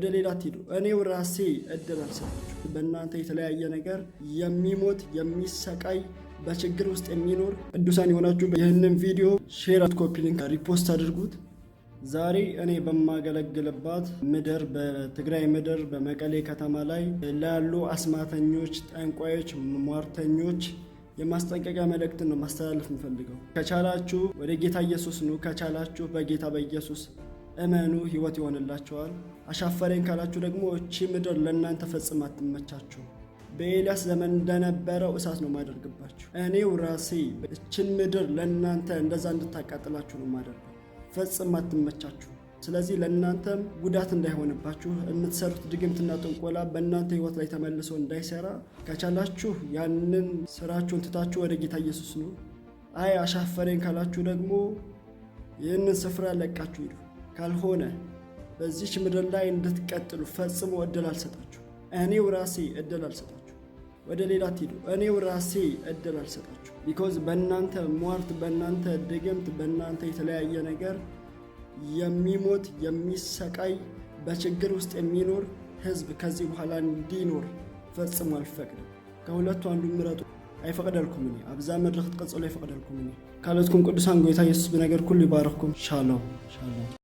ወደ ሌላ ትሄዱ። እኔው ራሴ እደረሰላችሁ። በእናንተ የተለያየ ነገር የሚሞት የሚሰቃይ በችግር ውስጥ የሚኖር ቅዱሳን የሆናችሁ ይህንን ቪዲዮ ሼር፣ ኮፒ ሊንክ፣ ሪፖስት አድርጉት። ዛሬ እኔ በማገለግልባት ምድር በትግራይ ምድር በመቀሌ ከተማ ላይ ላሉ አስማተኞች፣ ጠንቋዮች፣ ሟርተኞች የማስጠንቀቂያ መልእክትን ነው ማስተላለፍ የምፈልገው። ከቻላችሁ ወደ ጌታ ኢየሱስ ኑ። ከቻላችሁ በጌታ በኢየሱስ እመኑ ህይወት ይሆንላቸዋል። አሻፈረኝ ካላችሁ ደግሞ እቺ ምድር ለእናንተ ፈጽም አትመቻችሁ። በኤልያስ ዘመን እንደነበረው እሳት ነው ማደርግባችሁ። እኔው ራሴ እችን ምድር ለእናንተ እንደዛ እንድታቃጥላችሁ ነው የማደርገው። ፈጽም አትመቻችሁ። ስለዚህ ለእናንተም ጉዳት እንዳይሆንባችሁ የምትሰሩት ድግምትና ጥንቆላ በእናንተ ህይወት ላይ ተመልሶ እንዳይሰራ ከቻላችሁ ያንን ስራችሁን ትታችሁ ወደ ጌታ ኢየሱስ ነው። አይ አሻፈረኝ ካላችሁ ደግሞ ይህንን ስፍራ ለቃችሁ ሂዱ። ካልሆነ በዚች ምድር ላይ እንድትቀጥሉ ፈጽሞ እድል አልሰጣችሁ። እኔው ራሴ እድል አልሰጣችሁ። ወደ ሌላ ትሄዱ። እኔው ራሴ እድል አልሰጣችሁ። ቢኮዝ በእናንተ ሟርት፣ በእናንተ ድግምት፣ በእናንተ የተለያየ ነገር የሚሞት የሚሰቃይ በችግር ውስጥ የሚኖር ህዝብ ከዚህ በኋላ እንዲኖር ፈጽሞ አልፈቅድም። ከሁለቱ አንዱ ምረጡ። አይፈቅደልኩም እኔ አብዛ መድረክ ትቀጽሎ አይፈቅደልኩም እኔ ካለትኩም ቅዱሳን ጎይታ ኢየሱስ ብነገር ኩሉ ይባረኩም። ሻሎም ሻሎም